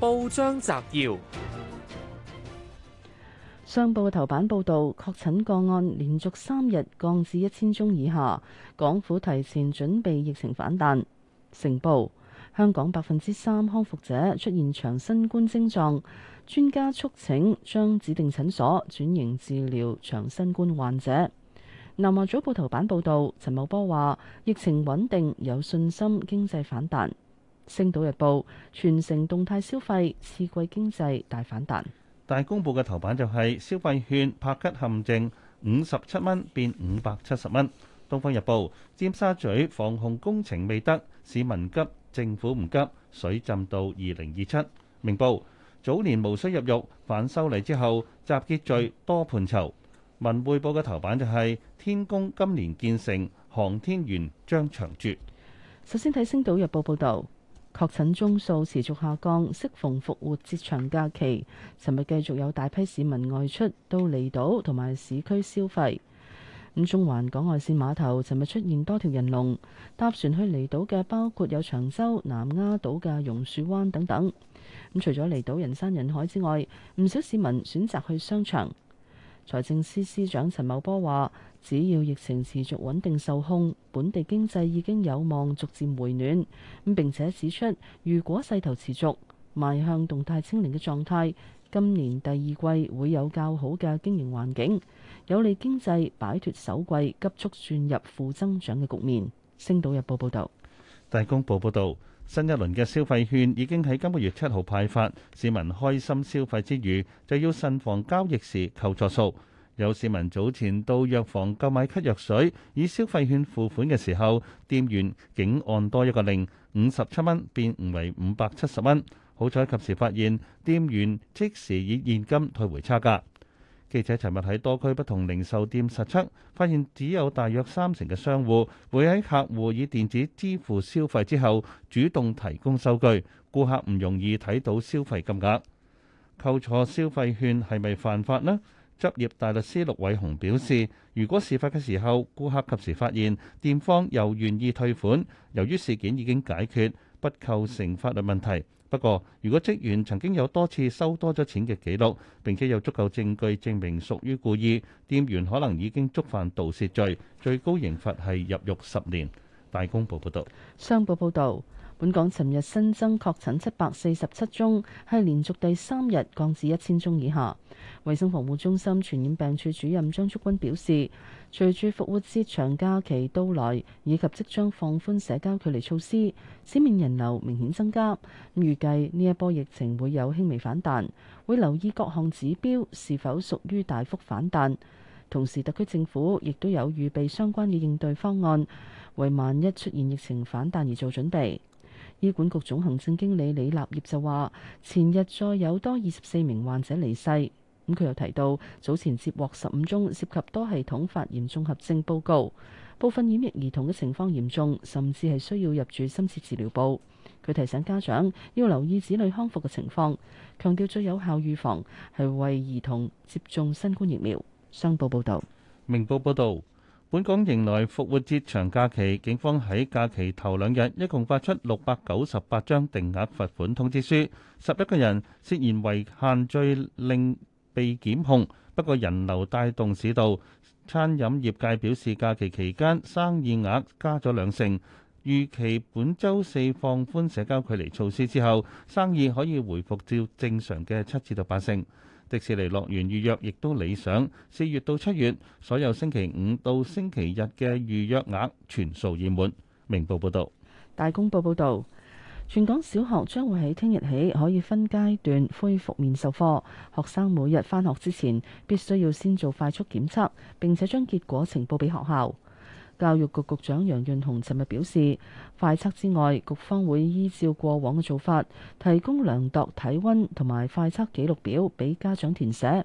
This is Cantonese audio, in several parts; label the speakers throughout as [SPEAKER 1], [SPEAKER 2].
[SPEAKER 1] 報章摘要：商報頭版報道，確診個案連續三日降至一千宗以下，港府提前準備疫情反彈。成報：香港百分之三康復者出現長新冠症狀，專家促請將指定診所轉型治療長新冠患者。南華早報頭版報道，陳茂波話：疫情穩定，有信心經濟反彈。《星島日報》全城動態消費，次季經濟大反彈。
[SPEAKER 2] 《大公報》嘅頭版就係消費券拍咭陷阱，五十七蚊變五百七十蚊。《東方日報》尖沙咀防洪工程未得，市民急，政府唔急，水浸到二零二七。《明報》早年無需入獄，反修例之後集結罪多判囚。《文匯報》嘅頭版就係天宮今年建成，航天員將長住。
[SPEAKER 1] 首先睇《星島日報》報，報，報道報導。確診宗數持續下降，適逢復活節長假期，尋日繼續有大批市民外出到離島同埋市區消費。咁中環港外線碼頭尋日出現多條人龍，搭船去離島嘅包括有長洲、南丫島嘅榕樹灣等等。咁除咗離島人山人海之外，唔少市民選擇去商場。財政司司長陳茂波話：只要疫情持續穩定受控，本地經濟已經有望逐漸回暖。咁並且指出，如果勢頭持續，邁向動態清零嘅狀態，今年第二季會有較好嘅經營環境，有利經濟擺脱首季急速轉入負增長嘅局面。星島日報報導。
[SPEAKER 2] 大公報報導。新一輪嘅消費券已經喺今個月七號派發，市民開心消費之餘，就要慎防交易時扣錯數。有市民早前到藥房購買咳藥水，以消費券付款嘅時候，店員竟按多一個零，五十七蚊變為五百七十蚊。好彩及時發現，店員即時以現金退回差價。記者尋日喺多區不同零售店實測，發現只有大約三成嘅商戶會喺客戶以電子支付消費之後主動提供收據，顧客唔容易睇到消費金額。扣錯消費券係咪犯法呢？執業大律師陸偉雄表示，如果事發嘅時候顧客及時發現，店方又願意退款，由於事件已經解決，不構成法律問題。不過，如果職員曾經有多次收多咗錢嘅記錄，並且有足夠證據證明屬於故意，店員可能已經觸犯盜竊罪，最高刑罰係入獄十年。大公報報道。
[SPEAKER 1] 商報報導。本港尋日新增確診七百四十七宗，係連續第三日降至一千宗以下。衞生防護中心傳染病處主任張竹君表示，隨住復活節長假期到來以及即將放寬社交距離措施，市面人流明顯增加，預計呢一波疫情會有輕微反彈，會留意各項指標是否屬於大幅反彈。同時，特區政府亦都有預備相關嘅應對方案，為萬一出現疫情反彈而做準備。醫管局總行政經理李立業就話，前日再有多二十四名患者離世。咁佢又提到，早前接獲十五宗涉及多系統發炎綜合症報告，部分染疫兒童嘅情況嚴重，甚至係需要入住深切治療部。佢提醒家長要留意子女康復嘅情況，強調最有效預防係為兒童接種新冠疫苗。商報報道，
[SPEAKER 2] 明報報道。本港迎來復活節長假期，警方喺假期頭兩日一共發出六百九十八張定額罰款通知書，十一個人涉嫌違限聚令被檢控。不過人流帶動市道，餐飲業界表示假期期間生意額加咗兩成，預期本周四放寬社交距離措施之後，生意可以回復照正常嘅七至到八成。迪士尼樂園預約亦都理想，四月到七月所有星期五到星期日嘅預約額全數已滿。明報報道。
[SPEAKER 1] 大公報報道，全港小學將會喺聽日起可以分階段恢復面授課，學生每日返學之前必須要先做快速檢測，並且將結果呈報俾學校。教育局局長楊潤雄尋日表示，快測之外，局方會依照過往嘅做法，提供量度體温同埋快測記錄表俾家長填寫。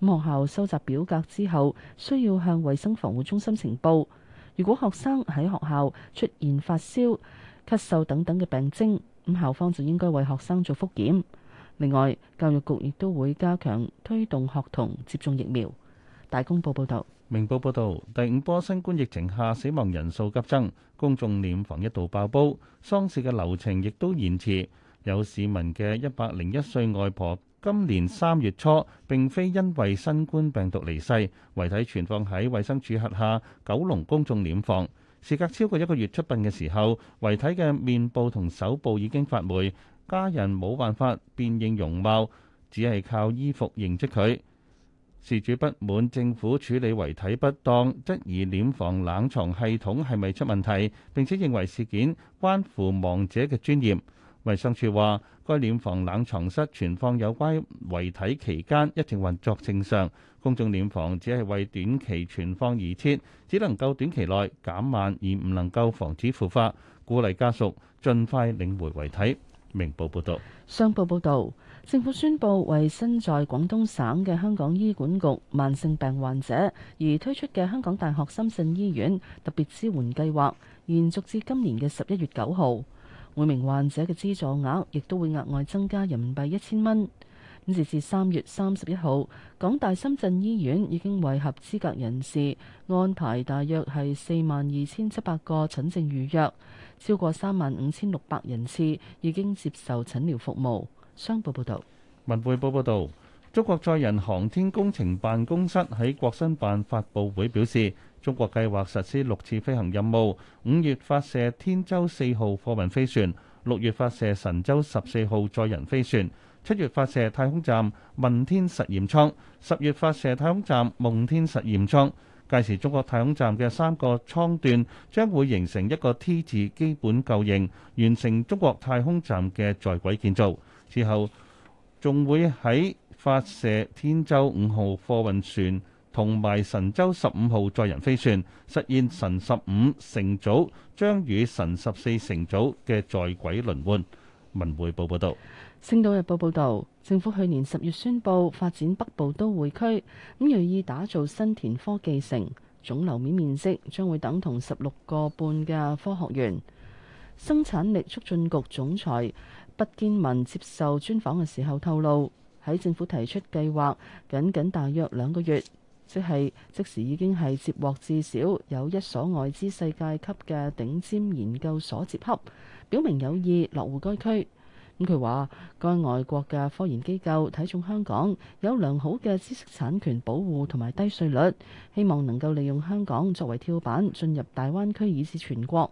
[SPEAKER 1] 咁學校收集表格之後，需要向衛生防護中心呈報。如果學生喺學校出現發燒、咳嗽等等嘅病徵，咁校方就應該為學生做復檢。另外，教育局亦都會加強推動學童接種疫苗。大公報報道。
[SPEAKER 2] 明報報道，第五波新冠疫情下死亡人數急增，公眾殮房一度爆煲，喪事嘅流程亦都延遲。有市民嘅一百零一歲外婆，今年三月初並非因為新冠病毒離世，遺體存放喺衛生署轄下九龍公眾殮房，事隔超過一個月出殯嘅時候，遺體嘅面部同手部已經發霉，家人冇辦法辨認容貌，只係靠衣服認識佢。事主不滿政府處理遺體不當，質疑殮房冷藏系統係咪出問題，並且認為事件關乎亡者嘅尊嚴。衞生署話，該殮房冷藏室存放有關遺體期間一直運作正常，公眾殮房只係為短期存放而設，只能夠短期內減慢而唔能夠防止腐化，鼓勵家屬盡快領回遺體。明報報道，
[SPEAKER 1] 商報報道。政府宣布，為身在廣東省嘅香港醫管局慢性病患者而推出嘅香港大學深圳醫院特別支援計劃，延續至今年嘅十一月九號。每名患者嘅資助額亦都會額外增加人民幣一千蚊。咁截至三月三十一號，港大深圳醫院已經為合資格人士安排大約係四萬二千七百個診症預約，超過三萬五千六百人次已經接受診療服務。商報報導，
[SPEAKER 2] 文匯報報道：中國載人航天工程辦公室喺國新辦發佈會表示，中國計劃實施六次飛行任務：五月發射天舟四號貨運飛船，六月發射神舟十四號載人飛船，七月發射太空站問天實驗艙，十月發射太空站夢天實驗艙。屆時，中國太空站嘅三個艙段將會形成一個 T 字基本構型，完成中國太空站嘅在軌建造。之後仲會喺發射天舟五號貨運船同埋神舟十五號載人飛船，實現神十五乘組將與神十四乘組嘅在軌輪換。文匯報報道。
[SPEAKER 1] 星島日報報道，政府去年十月宣布發展北部都會區，咁銳意打造新田科技城，總樓面面積將會等同十六個半嘅科學園。生產力促進局總裁，畢建民接受專訪嘅時候透露，喺政府提出計劃僅僅大約兩個月，即係即時已經係接獲至少有一所外資世界級嘅頂尖研究所接洽，表明有意落戶該區，咁佢話該外國嘅科研機構睇中香港有良好嘅知識產權保護同埋低稅率，希望能夠利用香港作為跳板進入大灣區以至全國。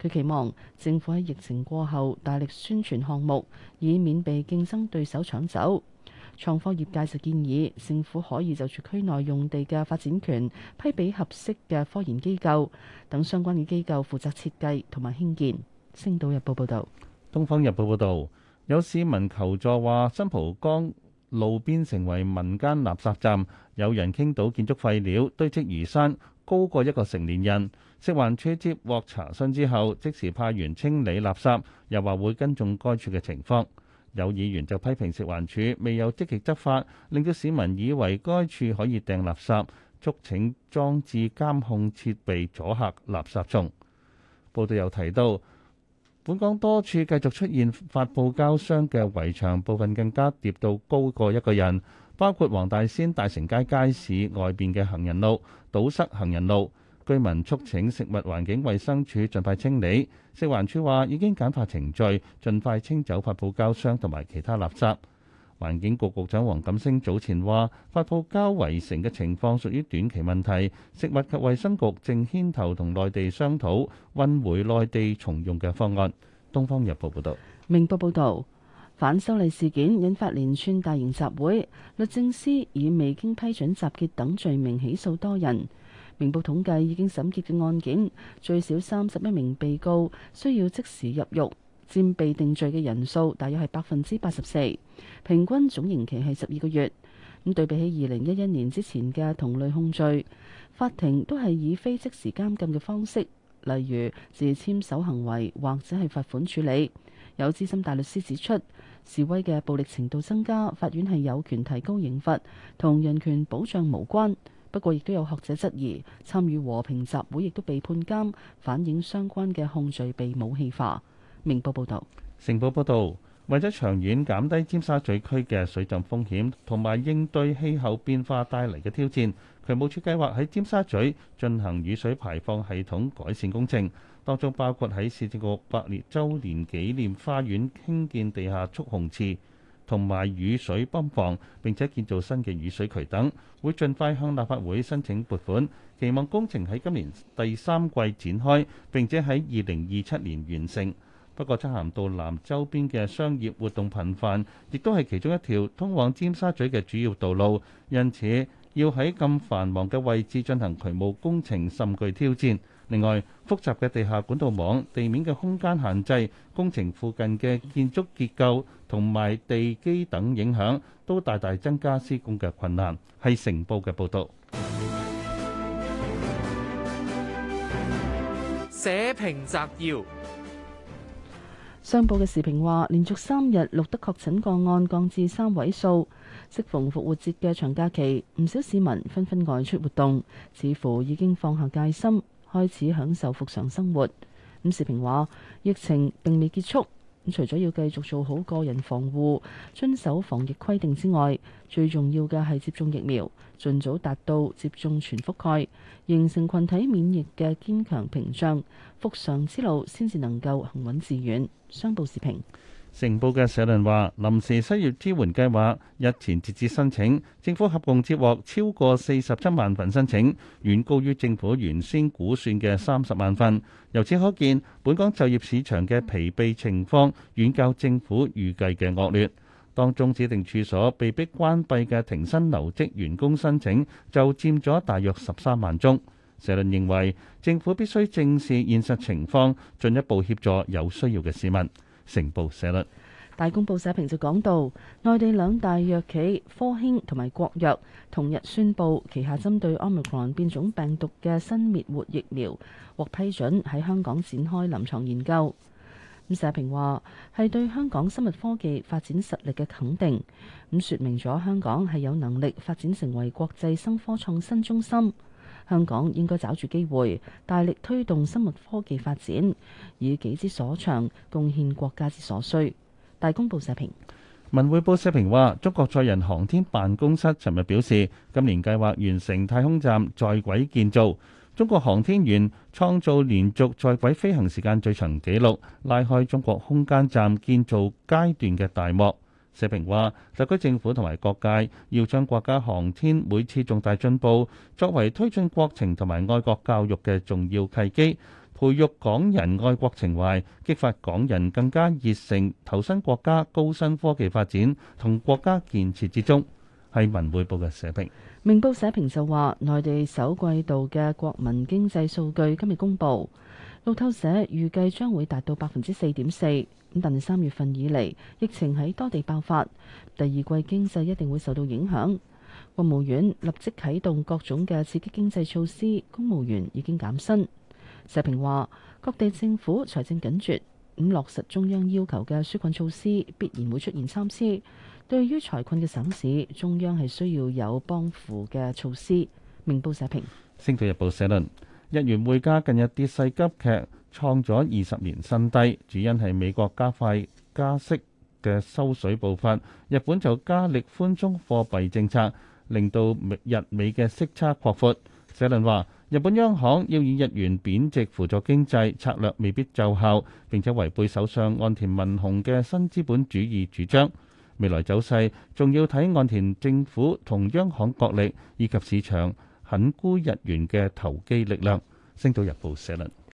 [SPEAKER 1] 佢期望政府喺疫情過後大力宣傳項目，以免被競爭對手搶走。創科業界就建議政府可以就住區內用地嘅發展權批俾合適嘅科研機構等相關嘅機構負責設計同埋興建。星島日報報道：
[SPEAKER 2] 「東方日報報道，有市民求助話：新蒲崗。」路邊成為民間垃圾站，有人傾倒建築廢料堆積如山，高過一個成年人。食環署接獲查詢之後，即時派員清理垃圾，又話會跟蹤該處嘅情況。有議員就批評食環署未有積極執法，令到市民以為該處可以掟垃圾，促請裝置監控設備阻嚇垃圾蟲。報道又提到。本港多處繼續出現發泡膠箱嘅圍牆，部分更加疊到高過一個人，包括黃大仙大成街街市外邊嘅行人路，堵塞行人路，居民促請食物環境衞生署盡快清理。食環署話已經簡化程序，盡快清走發泡膠箱同埋其他垃圾。環境局局長黃錦星早前話，發泡膠圍城嘅情況屬於短期問題。食物及衛生局正牽頭同內地商討運回內地重用嘅方案。《東方日報》報導，
[SPEAKER 1] 《明報》報導，反修例事件引發連串大型集會，律政司以未經批准集結等罪名起訴多人。明報統計已經審結嘅案件，最少三十一名被告需要即時入獄。佔被定罪嘅人數，大約係百分之八十四，平均總刑期係十二個月。咁對比起二零一一年之前嘅同類控罪，法庭都係以非即時監禁嘅方式，例如自簽守行為或者係罰款處理。有資深大律師指出，示威嘅暴力程度增加，法院係有權提高刑罰，同人權保障無關。不過，亦都有學者質疑，參與和平集會亦都被判監，反映相關嘅控罪被武器化。明報報道，
[SPEAKER 2] 成報報道，為咗長遠減低尖沙咀區嘅水浸風險，同埋應對氣候變化帶嚟嘅挑戰，渠務署計劃喺尖沙咀進行雨水排放系統改善工程，當中包括喺市政局百周年紀念花園興建地下蓄洪池，同埋雨水泵房，並且建造新嘅雨水渠等。會盡快向立法會申請撥款，期望工程喺今年第三季展開，並且喺二零二七年完成。不過，漆咸道南周邊嘅商業活動頻繁，亦都係其中一條通往尖沙咀嘅主要道路，因此要喺咁繁忙嘅位置進行渠務工程甚具挑戰。另外，複雜嘅地下管道網、地面嘅空間限制、工程附近嘅建築結構同埋地基等影響，都大大增加施工嘅困難。係成報嘅報導，社評摘要。
[SPEAKER 1] 商報嘅時評話，連續三日錄得確診個案降至三位數。適逢復活節嘅長假期，唔少市民紛紛外出活動，似乎已經放下戒心，開始享受復常生活。咁時評話，疫情並未結束。除咗要繼續做好個人防護、遵守防疫規定之外，最重要嘅係接種疫苗，儘早達到接種全覆蓋，形成群體免疫嘅堅強屏障，復常之路先至能夠行穩致遠。商報時評。
[SPEAKER 2] 成報嘅社論話：臨時失業支援計劃日前截止申請，政府合共接獲超過四十七萬份申請，遠高於政府原先估算嘅三十萬份。由此可見，本港就業市場嘅疲憊情況遠較政府預計嘅惡劣。當中指定處所被逼關閉嘅停薪留職員工申請就佔咗大約十三萬宗。社論認為，政府必須正視現實情況，進一步協助有需要嘅市民。成報社律。
[SPEAKER 1] 大公報社評就講到，內地兩大藥企科興同埋國藥同日宣布，旗下針對 omicron 變種病毒嘅新滅活疫苗獲批准喺香港展開臨床研究。咁社評話，係對香港生物科技發展實力嘅肯定，咁說明咗香港係有能力發展成為國際生科創新中心。香港應該抓住機會，大力推動生物科技發展，以己之所長，貢獻國家之所需。大公報社評。
[SPEAKER 2] 文匯報社評話，中國載人航天辦公室尋日表示，今年計劃完成太空站在軌建造。中國航天員創造連續在軌飛行時間最長紀錄，拉開中國空間站建造階段嘅大幕。社評話，特區政府同埋各界要將國家航天每次重大進步作為推進國情同埋愛國教育嘅重要契機，培育港人愛國情懷，激發港人更加熱誠投身國家高新科技發展同國家建設之中。係文匯報嘅社評。
[SPEAKER 1] 明報社評就話，內地首季度嘅國民經濟數據今日公布。路透社預計將會達到百分之四點四，咁但係三月份以嚟疫情喺多地爆發，第二季經濟一定會受到影響。國務院立即啟動各種嘅刺激經濟措施，公務員已經減薪。社評話：各地政府財政緊絕，咁落實中央要求嘅紓困措施必然會出現參差。對於財困嘅省市，中央係需要有幫扶嘅措施。明報社評，
[SPEAKER 2] 《星島日報》社論。日元匯價近日跌勢急劇，創咗二十年新低，主因係美國加快加息嘅收水步伐，日本就加力寬鬆貨幣政策，令到日美嘅息差擴闊。社論話，日本央行要以日元貶值輔助經濟策略未必奏效，並且違背首相岸田文雄嘅新資本主義主張。未來走勢仲要睇岸田政府同央行角力以及市場。很估日元嘅投機力量，星島日報社論。